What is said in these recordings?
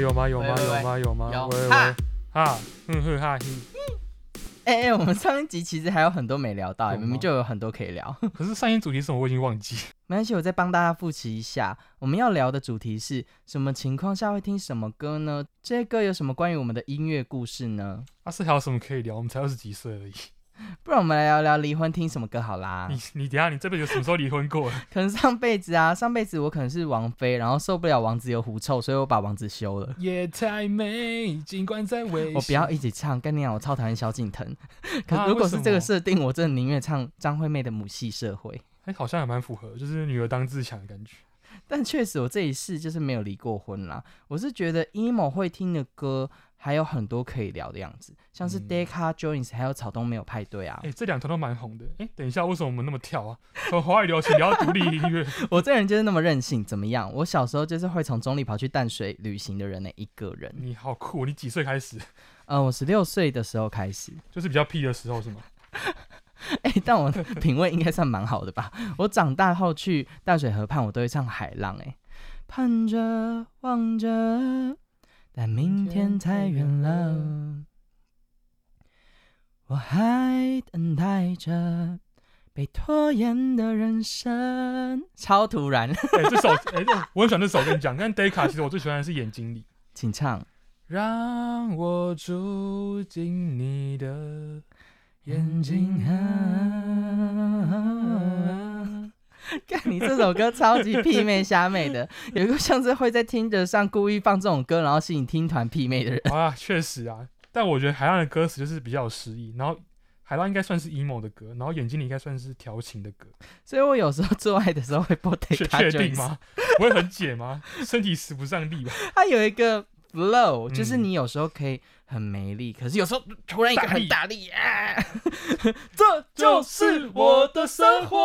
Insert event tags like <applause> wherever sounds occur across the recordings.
有嗎？有嗎？喂、喂、喂，有嗎？有嗎？有嗎？喂、喂哈，哈、嗯、哼、哈、嘿、哎、哎、欸欸，我們上一集其實還有很多沒聊到、欸， <laughs> 明明就有很多可以聊。有嗎 <laughs> 可是上一主題是什麼我已經忘記，經忘記，沒關係，我再幫大家複習一下。我們要聊的主題是什麼情況下會聽什麼歌呢？這些歌有什麼關於我們的音樂故事呢？啊、是還有什麼可以聊？我們才二十幾歲而已。不然我們來聊聊離婚聽什麼歌好啦。你，你等下，你這輩子什麼時候離婚過？ <laughs> 可能上輩子啊，上輩子我可能是王妃，然後受不了王子有狐臭，所以我把王子休了。夜太美，儘管再危險。 <laughs> 我不要一起唱，跟你講、啊，我超討厭蕭敬騰。 <laughs> 可如果是這個設定、啊，我真的寧願唱張惠妹的《母系社會》欸。誒，好像還蠻符合，就是女兒當自強的感覺。 <laughs> 但確實，我這一世就是沒有離過婚啦。我是覺得 emo 會聽的歌。還有很多可以聊的樣子，像是 deca joins，、嗯、還有草東沒有派對啊。哎、欸，這兩團都蠻紅的。哎、欸，等一下，為什麼我們那麼跳啊？從華語流行聊到獨立音樂。 <laughs> 我這人就是那麼任性，怎麼樣？我小時候就是會從中壢跑去淡水旅行的人呢、欸，一個人。你好酷，你幾歲開始？呃，我十六歲的時候開始。就是比較屁的時候是嗎 <laughs> 欸？但我品味應該算蠻好的吧？ <laughs> 我長大後去淡水河畔，我都會唱《海浪、欸》哎。盼着，望着。但明天太遠了，我還等待着被拖延的人生。超突然、欸，哎，這首、 <laughs> 欸、我很喜歡這首， <laughs> 跟你講，但《deca 其實我最喜歡的是眼睛裡。請唱，讓我住進你的眼睛裡、啊。 <laughs> 這首歌超級屁妹瞎妹的，有一個像是會在聽的上故意放這種歌，然後吸引聽團屁妹的人。啊，確實啊，但我覺得海浪的歌詞就是比較有詩意，然後海浪應該算是 emo 的歌，然後眼睛裡應該算是調情的歌。所以我有時候做愛的時候會播 deca，確確定嗎？我 <laughs> 會很解嗎？ <laughs> 身體使不上力吧？他有一個。Flow 就是你有時候可以很沒力，嗯，可是有時候突然一個很大力，啊。力 <laughs> 這就是我的生活，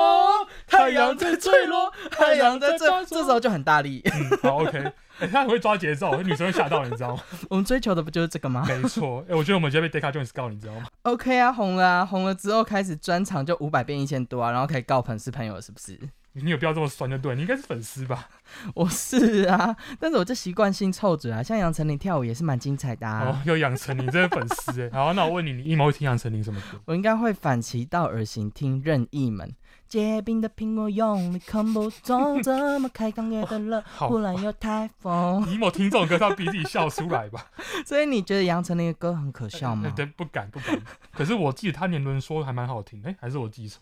太陽在墜落，太陽在墜落，這時候就很大力。好，OK， <laughs> 欸、他會抓節奏， <laughs> 女生會嚇到，你知道嗎？ <laughs> 我們追求的不就是這個嗎？沒錯，哎，欸，我覺得我們今天被 deca joins 告，你知道嗎 <laughs> ？OK 啊，紅了啊，紅了之後開始專場就五百變一千多啊，然後可以告粉絲朋友了，是不是？你有必要這麼酸就對，你應該是粉絲吧？我、哦、是啊，但是我就習慣性臭嘴啊。像楊丞琳跳舞也是蠻精彩的、啊。哦，有楊丞琳這粉絲哎、欸。 <laughs> 好，那我問你，你 EMO 會聽楊丞琳什麼歌？我應該會反其道而行，聽任意門結冰的蘋果用力碰不中，怎 <laughs> 麼開鋼樂的樂？好， <laughs> 忽然有颱風。EMO 聽這種歌，他逼自己笑出來吧？ <laughs> 所以你覺得楊丞琳的歌很可笑嗎？不、欸、敢、欸、不敢。不敢 <laughs> 可是我記得他年輪說的還蠻好聽，哎、欸，還是我記錯？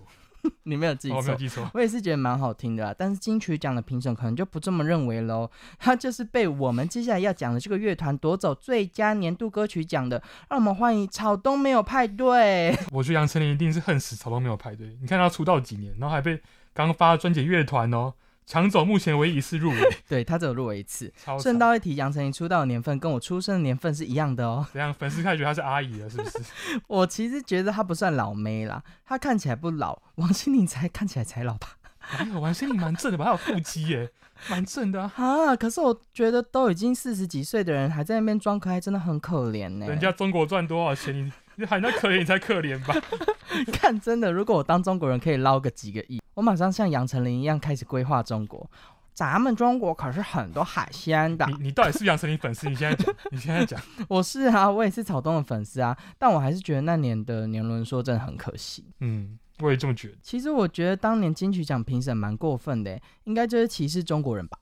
<laughs> 你沒有記錯，哦，沒有記錯，我也是覺得蠻好聽的啊，但是金曲獎的評審可能就不這麼認為嘍。他就是被我們接下來要講的這個樂團奪走最佳年度歌曲獎的。讓我們歡迎草東沒有派對。我覺得楊丞琳一定是恨死草東沒有派對。你看他出道幾年，然後還被剛發專輯樂團哦。搶走目前唯一一次入圍， <laughs> 對，他只有入圍一次。順道一提，楊丞琳出道的年份跟我出生的年份是一樣的哦。這樣粉絲開始覺得她是阿姨了，是不是？ <laughs> 我其實覺得她不算老妹啦，她看起來不老。王心凌才看起來才老吧？哎、啊，王心凌蠻正的吧？還有腹肌耶，蠻 <laughs> 正的哈、啊啊。可是我覺得都已經四十幾歲的人，還在那邊裝可愛，真的很可憐呢。人家中國賺多少錢？你喊他可憐，你才可憐吧？ <laughs> 看真的，如果我當中國人，可以撈個幾個億，我馬上像楊丞琳一樣開始規劃中國。咱們中國可是很多海鮮的。 <laughs> 你你到底是楊丞琳粉絲？你現在講，你現在講， <laughs> 我是啊，我也是草東的粉絲啊，但我還是覺得那年的年輪說真的很可惜。嗯，我也這麼覺得。其實我覺得當年金曲獎評審蠻過分的，應該就是歧視中國人吧？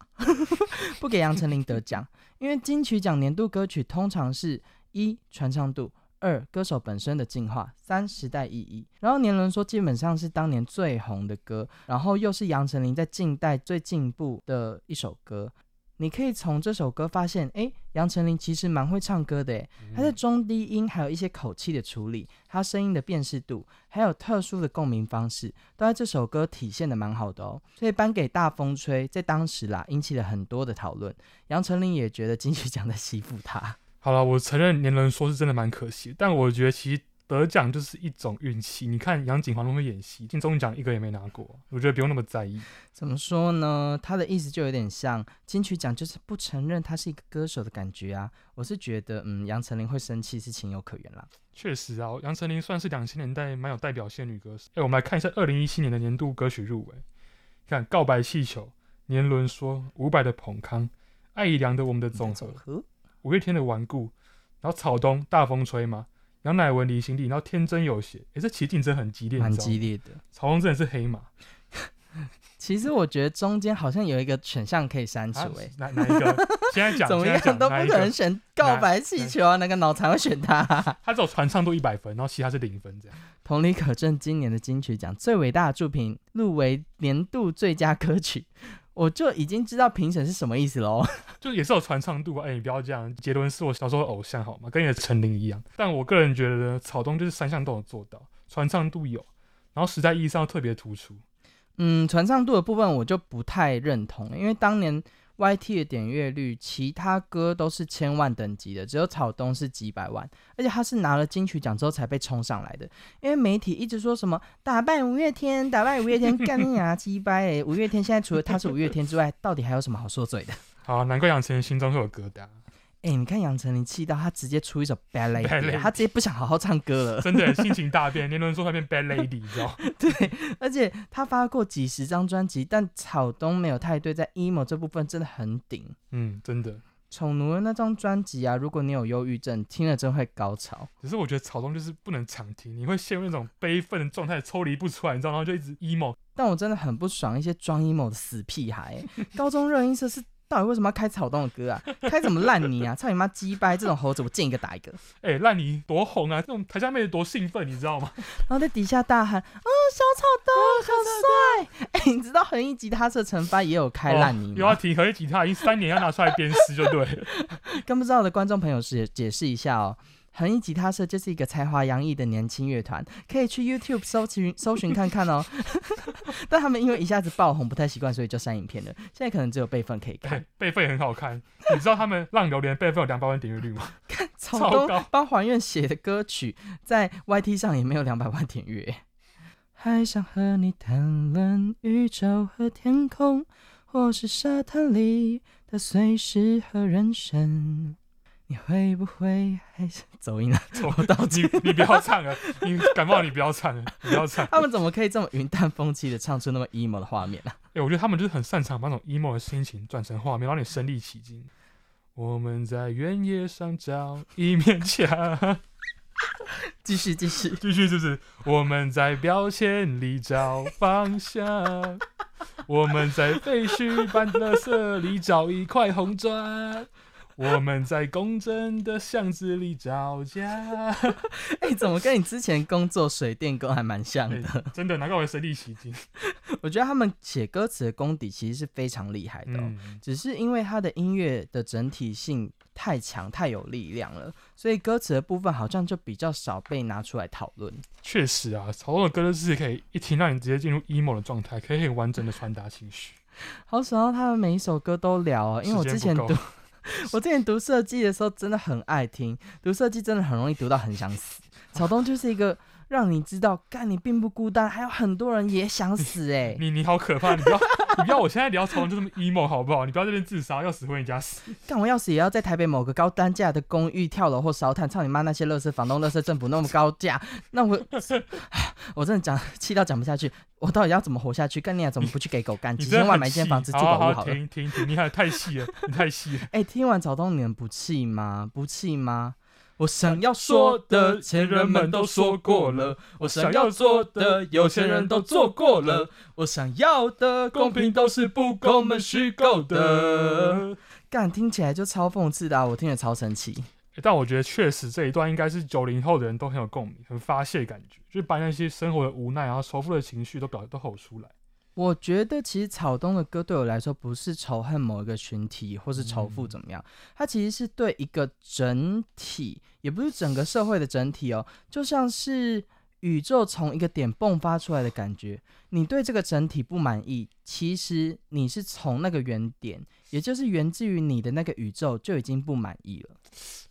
<laughs> 不給楊丞琳得獎， <laughs> 因為金曲獎年度歌曲通常是一傳唱度。二歌手本身的進化、三時代意義。然後年輪說，基本上是當年最紅的歌，然後又是楊丞琳在近代最進步的一首歌。你可以從這首歌發現，誒、欸，楊丞琳其實蠻會唱歌的，誒，她的中低音還有一些口氣的處理，她聲音的辨識度，還有特殊的共鳴方式，都在這首歌體現得蠻好的哦。所以頒給大風吹，在當時啦，引起了很多的討論。楊丞琳也覺得金曲獎在欺負她。好了，我承認《年輪說》是真的蠻可惜，但我覺得其實得獎就是一種運氣。你看楊謹華那麼演戲，金鐘獎一個也沒拿過，我覺得不用那麼在意。怎麼說呢？他的意思就有點像金曲獎就是不承認他是一個歌手的感覺啊。我是覺得，嗯，楊丞琳會生氣是情有可原啦。確實啊，楊丞琳算是兩千年代蠻有代表性的女歌手。誒、欸，我們來看一下二零一七年的年度歌曲入圍。你看《告白氣球》《年輪說》《伍佰的彭康》《艾怡良》的我們的總和》你總。五月天的頑固，然後草東大風吹嘛，然後乃文離心力，然後天真有邪，哎，這競爭真很激烈，很激烈的。草東真的是黑馬。其實我覺得中間好像有一個選項可以刪除，哎、啊，哪哪一個？ <laughs> 現在講怎麼樣都不可能選告白氣球啊，那個腦殘會選他。他只有傳唱度一百分，然後其他是零分這樣。同理可證，今年的金曲獎最偉大的作品入圍年度最佳歌曲。我就已經知道評審是什麼意思嘍，就也是有傳唱度。哎、欸，你不要這樣，杰倫是我小時候的偶像，好嗎？跟你的丞琳一樣。但我個人覺得草東就是三項都能做到，傳唱度有，然後時代意義上特別突出。嗯，傳唱度的部分我就不太認同，因為當年。YT 的點閱率，其他歌都是千萬等級的，只有草東是幾百萬，而且他是拿了金曲獎之後才被衝上來的。因為媒體一直說什麼打敗五月天，打敗五月天，幹牙雞掰。五月天現在除了他是五月天之外， <laughs> 到底還有什麼好說嘴的？好、啊，難怪楊丞琳心中會有疙瘩。哎、欸，你看楊丞琳氣到他直接出一首、Ballet、Bad Lady，他直接不想好好唱歌了，真的心 <laughs> 情大變，你都 <laughs> 能說他變 Bad Lady，你知道？ <laughs> 對，而且他發過幾十張專輯，但草東沒有太對，在 emo 這部分真的很頂。嗯，真的。寵奴的那張專輯啊，如果你有憂鬱症，聽了真會高潮。可是我覺得草東就是不能常聽，你會陷入那種悲憤的狀態，抽離不出來，你知道？然後就一直 emo。但我真的很不爽一些裝 emo 的死屁孩， <laughs> 高中熱音社是。到底為什麼要開草東的歌啊？開什麼爛泥啊？操你媽雞掰！這種猴子我見一個打一個！哎、欸，爛泥多紅啊！這種台下妹子多興奮，你知道嗎？然後在底下大喊：“哦，小草東、哦，好帥！”哎、欸，你知道橫一吉他社成發也有開爛泥嗎？有、哦、啊，提橫一吉他已經三年要拿出來鞭屍，就對了。跟 <laughs> 不知道的觀眾朋友是解釋一下哦。恆一吉他社就是一個才華洋溢的年輕樂團，可以去 YouTube 搜尋搜尋看看哦。 <laughs> <laughs> 但他們因為一下子爆紅，不太習慣，所以就刪影片了。現在可能只有備份可以看，欸、備份很好看。 <laughs> 你知道他們浪流連備份有兩百萬點閱率嗎？超高！幫還願寫的歌曲在 YT 上也沒有兩百萬點閱。還想和你談論宇宙和天空，或是沙灘裡的碎石和人生。你會不會還是走音啊？錯到底，你不要唱啊！ <laughs> 你感冒，你不要唱 <laughs> 你不要唱。他們怎麼可以這麼雲淡風輕的唱出那麼 emo 的畫面呢、啊欸？我覺得他們就是很擅長把那種 emo 的心情轉成畫面，讓你身臨其境。 <laughs> 我們在原野上找一面牆，繼 <laughs> 續，繼續，繼續是是，就是我們在標籤裡找方向， <laughs> 我們在廢墟般的森林裡找一塊紅磚。 <laughs> 我們在公正的巷子裡找家。哎，怎麼跟你之前工作水電工還蠻像的、欸？真的，難怪我會身臨其境。 <laughs> 我覺得他們寫歌詞的功底其實是非常厲害的、喔嗯，只是因為他的音樂的整體性太強、太有力量了，所以歌詞的部分好像就比較少被拿出來討論。確實啊，好多的歌詞是可以一聽到你直接進入 emo 的狀態，可以很完整的傳達情緒。好想要他們每一首歌都聊啊、喔，因為我之前都。 <laughs> 我之前讀設計的時候，真的很愛聽。讀設計真的很容易讀到很想死。草東就是一個讓你知道，幹你並不孤單，還有很多人也想死、欸。哎，你你，你好可怕！你不要 <laughs> 你不要我現在聊草東就這麼 emo 好不好？你不要在這邊自殺，要死回人家死。幹我要死也要在台北某個高單價的公寓跳樓或燒炭。操你媽那些樂色房東樂色政府那麼高價，那我。 <laughs> 我真的講氣到講不下去，我到底要怎麼活下去？幹你啊，怎麼不去給狗幹？幾千萬買一間房子住好屋好了。你好好停停停，停！你還太細了，你太細了。哎、 <laughs> 欸，聽完草東，你們不氣嗎？不氣嗎？ <laughs> 我想要說的，前人們都說過了；我想要做的，有錢人都做過了；我想要的公平，都是不公們虛構的。幹， <laughs> 聽起來就超諷刺的、啊，我聽了超神奇。但我覺得確實這一段應該是九零後的人都很有共鳴，很發洩的感覺，就是把那些生活的無奈，然後仇富的情緒都表都吼出來。我覺得其實草東的歌對我來說不是仇恨某一個群體，或是仇富怎麼樣，嗯，他其實是對一個整體，也不是整個社會的整體哦，就像是。宇宙從一個點迸發出來的感覺，你對這個整體不滿意，其實你是從那個原點，也就是源自於你的那個宇宙就已經不滿意了。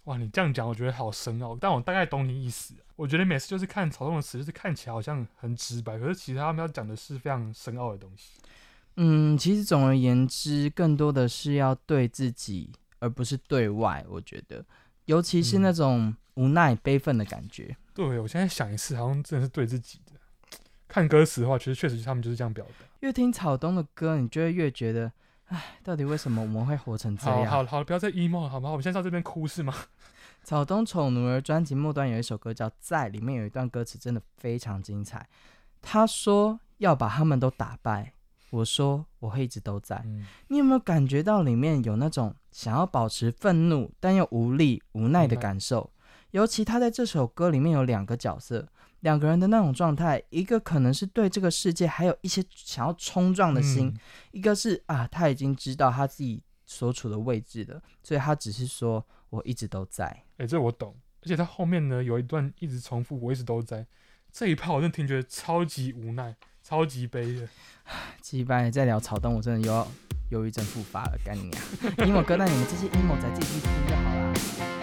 哇，你這樣講，我覺得好深奧，但我大概懂你意思。我覺得每次就是看草東的詞，就是看起來好像很直白，可是其實他們要講的是非常深奧的東西。嗯，其實總而言之，更多的是要對自己，而不是對外。我覺得，尤其是那種無奈、嗯、悲憤的感覺。對，我現在想一次，好像真的是對自己的。看歌詞的話，其實確實他們就是這樣表達。越聽草東的歌，你就會越覺得，哎，到底為什麼我們會活成這樣？ <laughs> 好了好了，不要再 emo 了好不好？我們現在到這邊哭是嗎？草東醜奴兒專輯末端有一首歌叫《在》，裡面有一段歌詞真的非常精彩。他說要把他們都打敗，我說我會一直都在。嗯。你有沒有感覺到裡面有那種想要保持憤怒但又無力無奈的感受？尤其他在這首歌裡面有兩個角色，兩個人的那種狀態，一個可能是對這個世界還有一些想要衝撞的心，嗯、一個是啊他已經知道他自己所處的位置了，所以他只是說我一直都在。哎、欸，這我懂。而且他後面呢有一段一直重複我一直都在，這一趴我真的聽覺得超級無奈，超級悲的。七班也在聊草東，我真的又要憂鬱症復發了，幹你娘！EMO <laughs> 哥，那你們這些 EMO 仔繼續聽就好了。